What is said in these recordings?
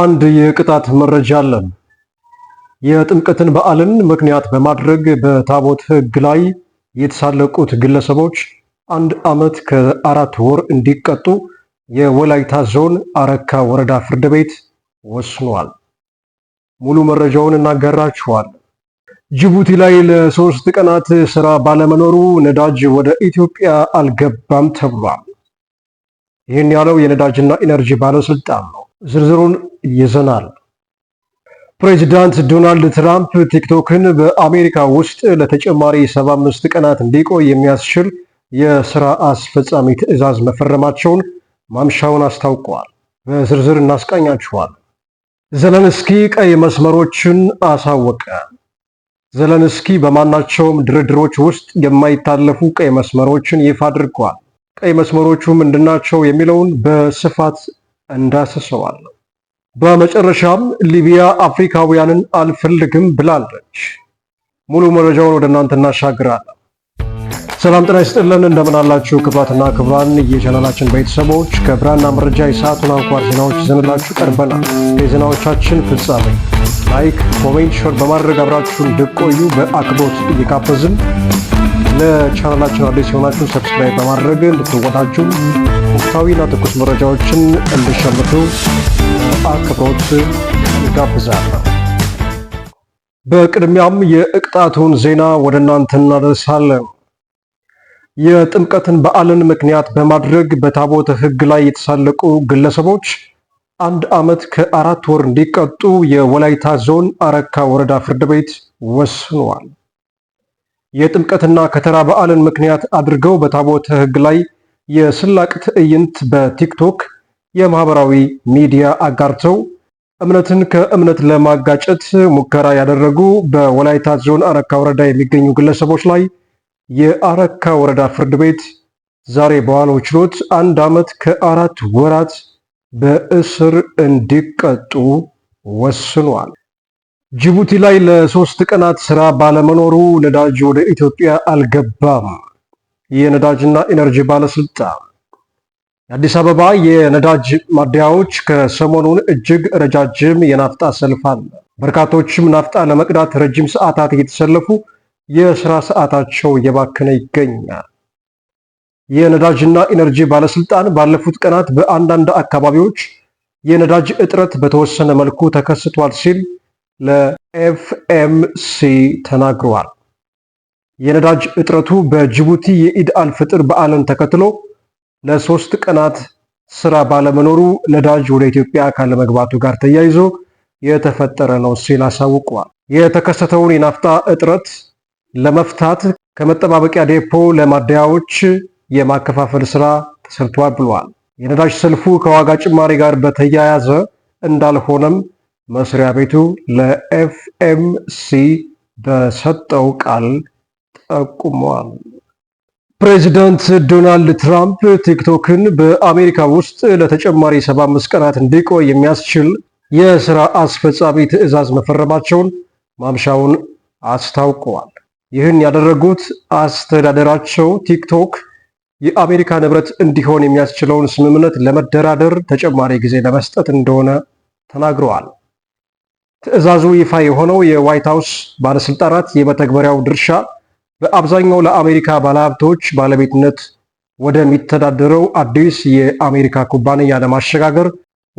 አንድ የቅጣት መረጃ አለን። የጥምቀትን በዓልን ምክንያት በማድረግ በታቦት ሕግ ላይ የተሳለቁት ግለሰቦች አንድ ዓመት ከአራት ወር እንዲቀጡ የወላይታ ዞን አረካ ወረዳ ፍርድ ቤት ወስኗል። ሙሉ መረጃውን እናጋራችኋል። ጅቡቲ ላይ ለሶስት ቀናት ስራ ባለመኖሩ ነዳጅ ወደ ኢትዮጵያ አልገባም ተብሏል። ይህን ያለው የነዳጅና ኢነርጂ ባለስልጣን ነው። ዝርዝሩን ይዘናል። ፕሬዚዳንት ዶናልድ ትራምፕ ቲክቶክን በአሜሪካ ውስጥ ለተጨማሪ 75 ቀናት እንዲቆይ የሚያስችል የስራ አስፈጻሚ ትዕዛዝ መፈረማቸውን ማምሻውን አስታውቀዋል። በዝርዝር እናስቃኛችኋል። ዘለንስኪ ቀይ መስመሮችን አሳወቀ። ዘለንስኪ በማናቸውም ድርድሮች ውስጥ የማይታለፉ ቀይ መስመሮችን ይፋ አድርጓል። ቀይ መስመሮቹ ምንድናቸው የሚለውን በስፋት እንዳስሰዋለሁ። በመጨረሻም ሊቢያ አፍሪካውያንን አልፈልግም ብላለች። ሙሉ መረጃውን ወደ እናንተ እናሻግራለን። ሰላም ጤና ይስጥልን አላችሁ? ክብራትና ክብራን የቻናላችን ቤተሰቦች ከብራና መረጃ የሰዓቱን አንኳር ዜናዎች ይዘንላችሁ ቀርበናል። የዜናዎቻችን ፍጻሜ ላይክ፣ ኮሜንት፣ ሾር በማድረግ አብራችሁን እንድትቆዩ በአክብሮት እየጋበዝን ለቻናላችን አዲስ የሆናችሁ ሰብስክራይብ በማድረግ እንድትወዳጁ ወቅታዊና ትኩስ መረጃዎችን እንድሸምቱ አክብሮት ይጋብዛል። በቅድሚያም የእቅጣቱን ዜና ወደ እናንተ እናደርሳለን። የጥምቀትን በዓልን ምክንያት በማድረግ በታቦተ ሕግ ላይ የተሳለቁ ግለሰቦች አንድ ዓመት ከአራት ወር እንዲቀጡ የወላይታ ዞን አረካ ወረዳ ፍርድ ቤት ወስኗል። የጥምቀትና ከተራ በዓልን ምክንያት አድርገው በታቦተ ሕግ ላይ የስላቅ ትዕይንት በቲክቶክ የማህበራዊ ሚዲያ አጋርተው እምነትን ከእምነት ለማጋጨት ሙከራ ያደረጉ በወላይታ ዞን አረካ ወረዳ የሚገኙ ግለሰቦች ላይ የአረካ ወረዳ ፍርድ ቤት ዛሬ በዋለው ችሎት አንድ ዓመት ከአራት ወራት በእስር እንዲቀጡ ወስኗል። ጅቡቲ ላይ ለሶስት ቀናት ስራ ባለመኖሩ ነዳጅ ወደ ኢትዮጵያ አልገባም። የነዳጅና ኢነርጂ ባለስልጣን የአዲስ አበባ የነዳጅ ማደያዎች ከሰሞኑን እጅግ ረጃጅም የናፍጣ ሰልፍ አለ። በርካቶችም ናፍጣ ለመቅዳት ረጅም ሰዓታት እየተሰለፉ የስራ ሰዓታቸው እየባከነ ይገኛል። የነዳጅና ኢነርጂ ባለስልጣን ባለፉት ቀናት በአንዳንድ አካባቢዎች የነዳጅ እጥረት በተወሰነ መልኩ ተከስቷል ሲል ለኤፍኤምሲ ተናግሯል። የነዳጅ እጥረቱ በጅቡቲ የኢድ አልፍጥር በዓልን ተከትሎ ለሶስት ቀናት ስራ ባለመኖሩ ነዳጅ ወደ ኢትዮጵያ ካለመግባቱ ጋር ተያይዞ የተፈጠረ ነው ሲል አሳውቋል። የተከሰተውን የናፍጣ እጥረት ለመፍታት ከመጠባበቂያ ዴፖ ለማደያዎች የማከፋፈል ስራ ተሰርቷል ብሏል። የነዳጅ ሰልፉ ከዋጋ ጭማሪ ጋር በተያያዘ እንዳልሆነም መስሪያ ቤቱ ለኤፍኤምሲ በሰጠው ቃል ጠቁመዋል። ፕሬዚደንት ዶናልድ ትራምፕ ቲክቶክን በአሜሪካ ውስጥ ለተጨማሪ 75 ቀናት እንዲቆይ የሚያስችል የሥራ አስፈጻሚ ትዕዛዝ መፈረማቸውን ማምሻውን አስታውቀዋል። ይህን ያደረጉት አስተዳደራቸው ቲክቶክ የአሜሪካ ንብረት እንዲሆን የሚያስችለውን ስምምነት ለመደራደር ተጨማሪ ጊዜ ለመስጠት እንደሆነ ተናግረዋል። ትዕዛዙ ይፋ የሆነው የዋይት ሀውስ ባለስልጣናት የመተግበሪያው ድርሻ በአብዛኛው ለአሜሪካ ባለሀብቶች ባለቤትነት ወደሚተዳደረው አዲስ የአሜሪካ ኩባንያ ለማሸጋገር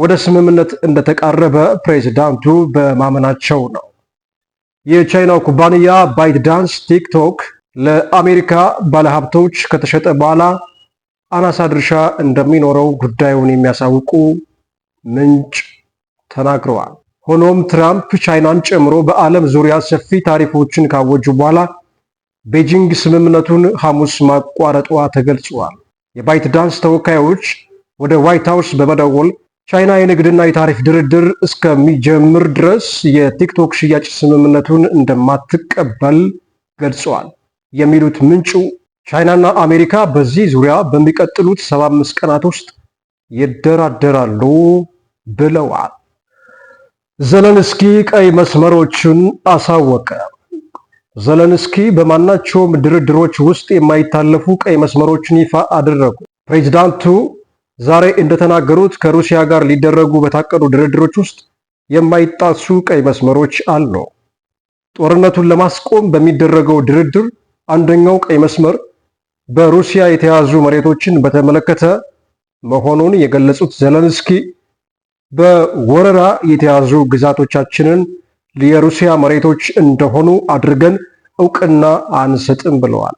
ወደ ስምምነት እንደተቃረበ ፕሬዚዳንቱ በማመናቸው ነው። የቻይናው ኩባንያ ባይት ዳንስ ቲክቶክ ለአሜሪካ ባለሀብቶች ከተሸጠ በኋላ አናሳ ድርሻ እንደሚኖረው ጉዳዩን የሚያሳውቁ ምንጭ ተናግረዋል። ሆኖም ትራምፕ ቻይናን ጨምሮ በዓለም ዙሪያ ሰፊ ታሪፎችን ካወጁ በኋላ ቤጂንግ ስምምነቱን ሐሙስ ማቋረጧ ተገልጿል። የባይት ዳንስ ተወካዮች ወደ ዋይት ሃውስ በመደወል ቻይና የንግድና የታሪፍ ድርድር እስከሚጀምር ድረስ የቲክቶክ ሽያጭ ስምምነቱን እንደማትቀበል ገልጸዋል የሚሉት ምንጩ ቻይናና አሜሪካ በዚህ ዙሪያ በሚቀጥሉት 75 ቀናት ውስጥ ይደራደራሉ ብለዋል። ዘለንስኪ ቀይ መስመሮችን አሳወቀ። ዘለንስኪ በማናቸውም ድርድሮች ውስጥ የማይታለፉ ቀይ መስመሮችን ይፋ አደረጉ። ፕሬዚዳንቱ ዛሬ እንደተናገሩት ከሩሲያ ጋር ሊደረጉ በታቀዱ ድርድሮች ውስጥ የማይጣሱ ቀይ መስመሮች አሉ። ጦርነቱን ለማስቆም በሚደረገው ድርድር አንደኛው ቀይ መስመር በሩሲያ የተያዙ መሬቶችን በተመለከተ መሆኑን የገለጹት ዘለንስኪ በወረራ የተያዙ ግዛቶቻችንን የሩሲያ መሬቶች እንደሆኑ አድርገን እውቅና አንሰጥም ብለዋል።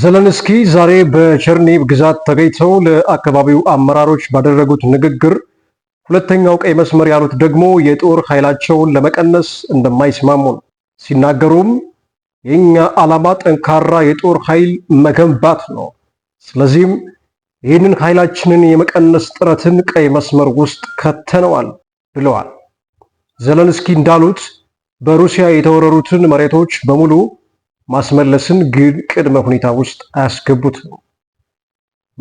ዘለንስኪ ዛሬ በቸርኒቭ ግዛት ተገኝተው ለአካባቢው አመራሮች ባደረጉት ንግግር ሁለተኛው ቀይ መስመር ያሉት ደግሞ የጦር ኃይላቸውን ለመቀነስ እንደማይስማሙ ነው። ሲናገሩም የእኛ ዓላማ ጠንካራ የጦር ኃይል መገንባት ነው። ስለዚህም ይህንን ኃይላችንን የመቀነስ ጥረትን ቀይ መስመር ውስጥ ከተነዋል ብለዋል። ዘለንስኪ እንዳሉት በሩሲያ የተወረሩትን መሬቶች በሙሉ ማስመለስን ግን ቅድመ ሁኔታ ውስጥ አያስገቡትም።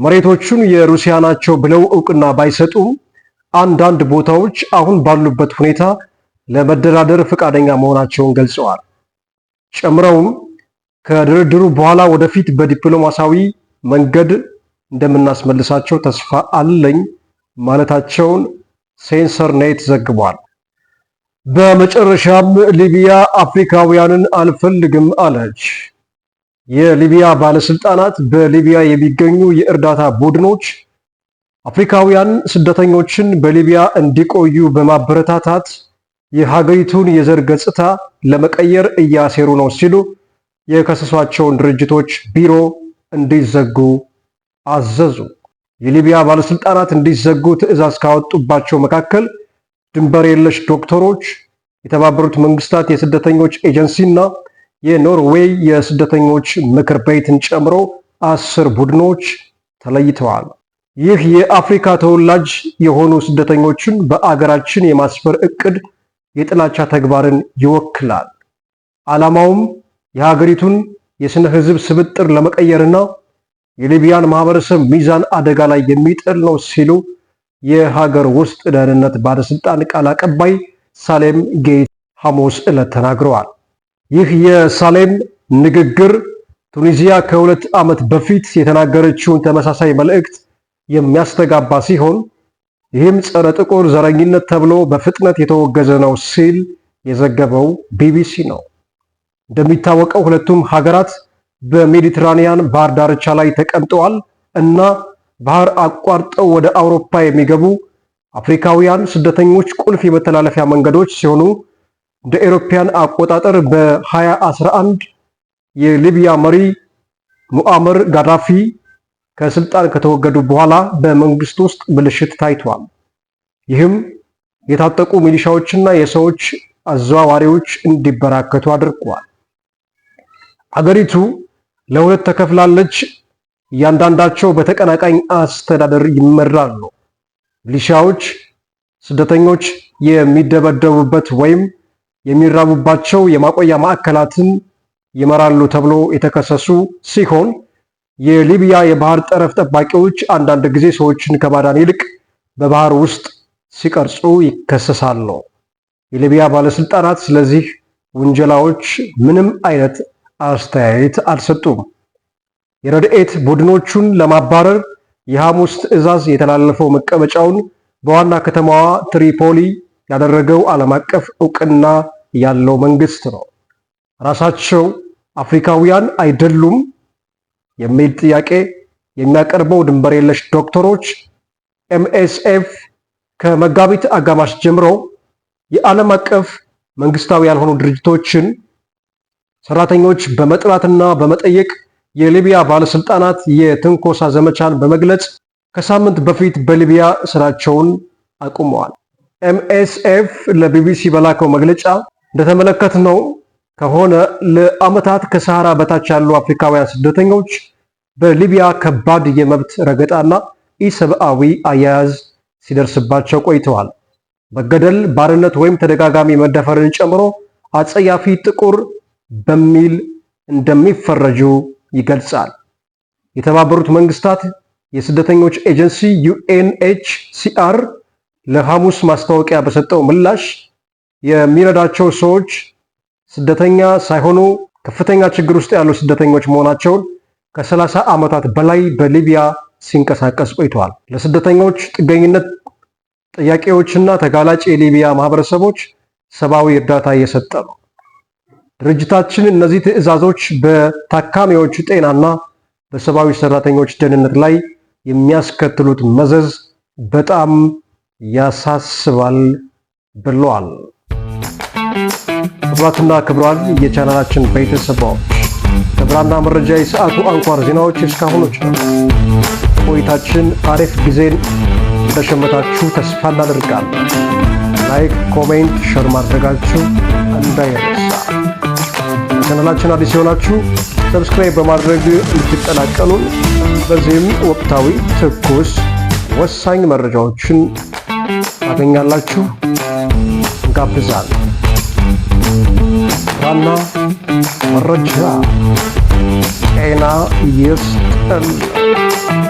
መሬቶቹን የሩሲያ ናቸው ብለው እውቅና ባይሰጡም አንዳንድ ቦታዎች አሁን ባሉበት ሁኔታ ለመደራደር ፈቃደኛ መሆናቸውን ገልጸዋል። ጨምረውም ከድርድሩ በኋላ ወደፊት በዲፕሎማሲያዊ መንገድ እንደምናስመልሳቸው ተስፋ አለኝ ማለታቸውን ሴንሰር ኔት ዘግቧል። በመጨረሻም ሊቢያ አፍሪካውያንን አልፈልግም አለች። የሊቢያ ባለስልጣናት በሊቢያ የሚገኙ የእርዳታ ቡድኖች አፍሪካውያን ስደተኞችን በሊቢያ እንዲቆዩ በማበረታታት የሀገሪቱን የዘር ገጽታ ለመቀየር እያሴሩ ነው ሲሉ የከሰሷቸውን ድርጅቶች ቢሮ እንዲዘጉ አዘዙ። የሊቢያ ባለስልጣናት እንዲዘጉ ትዕዛዝ ካወጡባቸው መካከል ድንበር የለሽ ዶክተሮች፣ የተባበሩት መንግስታት የስደተኞች ኤጀንሲና የኖርዌይ የስደተኞች ምክር ቤትን ጨምሮ አስር ቡድኖች ተለይተዋል። ይህ የአፍሪካ ተወላጅ የሆኑ ስደተኞችን በአገራችን የማስፈር እቅድ የጥላቻ ተግባርን ይወክላል። ዓላማውም የሀገሪቱን የሥነ ህዝብ ስብጥር ለመቀየርና የሊቢያን ማህበረሰብ ሚዛን አደጋ ላይ የሚጥል ነው ሲሉ የሀገር ውስጥ ደህንነት ባለስልጣን ቃል አቀባይ ሳሌም ጌይት ሐሙስ ዕለት ተናግረዋል። ይህ የሳሌም ንግግር ቱኒዚያ ከሁለት ዓመት በፊት የተናገረችውን ተመሳሳይ መልእክት የሚያስተጋባ ሲሆን ይህም ጸረ ጥቁር ዘረኝነት ተብሎ በፍጥነት የተወገዘ ነው ሲል የዘገበው ቢቢሲ ነው። እንደሚታወቀው ሁለቱም ሀገራት በሜዲትራኒያን ባህር ዳርቻ ላይ ተቀምጠዋል እና ባህር አቋርጠው ወደ አውሮፓ የሚገቡ አፍሪካውያን ስደተኞች ቁልፍ የመተላለፊያ መንገዶች ሲሆኑ እንደ ኤሮፓያን አቆጣጠር በ2011 የሊቢያ መሪ ሙአመር ጋዳፊ ከስልጣን ከተወገዱ በኋላ በመንግስት ውስጥ ብልሽት ታይቷል። ይህም የታጠቁ ሚሊሻዎችና የሰዎች አዘዋዋሪዎች እንዲበራከቱ አድርጓል። አገሪቱ ለሁለት ተከፍላለች። እያንዳንዳቸው በተቀናቃኝ አስተዳደር ይመራሉ። ሚሊሻዎች ስደተኞች የሚደበደቡበት ወይም የሚራቡባቸው የማቆያ ማዕከላትን ይመራሉ ተብሎ የተከሰሱ ሲሆን የሊቢያ የባህር ጠረፍ ጠባቂዎች አንዳንድ ጊዜ ሰዎችን ከማዳን ይልቅ በባህር ውስጥ ሲቀርጹ ይከሰሳሉ። የሊቢያ ባለስልጣናት ስለዚህ ውንጀላዎች ምንም አይነት አስተያየት አልሰጡም። የረድኤት ቡድኖቹን ለማባረር የሐሙስ ትዕዛዝ የተላለፈው መቀመጫውን በዋና ከተማዋ ትሪፖሊ ያደረገው ዓለም አቀፍ እውቅና ያለው መንግስት ነው። ራሳቸው አፍሪካውያን አይደሉም የሚል ጥያቄ የሚያቀርበው ድንበር የለሽ ዶክተሮች ኤምኤስኤፍ ከመጋቢት አጋማሽ ጀምሮ የዓለም አቀፍ መንግስታዊ ያልሆኑ ድርጅቶችን ሰራተኞች በመጥራትና በመጠየቅ የሊቢያ ባለስልጣናት የትንኮሳ ዘመቻን በመግለጽ ከሳምንት በፊት በሊቢያ ስራቸውን አቁመዋል። ኤምኤስኤፍ ለቢቢሲ በላከው መግለጫ እንደተመለከትነው ከሆነ ለዓመታት ከሰሃራ በታች ያሉ አፍሪካውያን ስደተኞች በሊቢያ ከባድ የመብት ረገጣና ኢሰብአዊ አያያዝ ሲደርስባቸው ቆይተዋል። መገደል፣ ባርነት ወይም ተደጋጋሚ መደፈርን ጨምሮ አጸያፊ ጥቁር በሚል እንደሚፈረጁ ይገልጻል። የተባበሩት መንግስታት የስደተኞች ኤጀንሲ ዩኤንኤችሲአር ለሐሙስ ማስታወቂያ በሰጠው ምላሽ የሚረዳቸው ሰዎች ስደተኛ ሳይሆኑ ከፍተኛ ችግር ውስጥ ያሉ ስደተኞች መሆናቸውን ከ30 ዓመታት በላይ በሊቢያ ሲንቀሳቀስ ቆይተዋል። ለስደተኞች ጥገኝነት ጥያቄዎችና ተጋላጭ የሊቢያ ማህበረሰቦች ሰብአዊ እርዳታ እየሰጠ ነው። ድርጅታችን እነዚህ ትዕዛዞች በታካሚዎች ጤናና በሰብአዊ ሰራተኞች ደህንነት ላይ የሚያስከትሉት መዘዝ በጣም ያሳስባል ብለዋል። ክቡራትና ክቡራን የቻናላችን ቤተሰባዎች ከብራና መረጃ የሰዓቱ አንኳር ዜናዎች እስካሁኖች ነው። ቆይታችን አሪፍ ጊዜን እንደሸመታችሁ ተስፋ እናደርጋለን። ላይክ፣ ኮሜንት፣ ሸር ማድረጋችሁ እንዳይረስ ቻናላችን አዲስ ሲሆናችሁ ሰብስክራይብ በማድረግ እንድትቀላቀሉን፣ በዚህም ወቅታዊ ትኩስ ወሳኝ መረጃዎችን ታገኛላችሁ እንጋብዛል ዋና መረጃ ጤና ይስጥልን።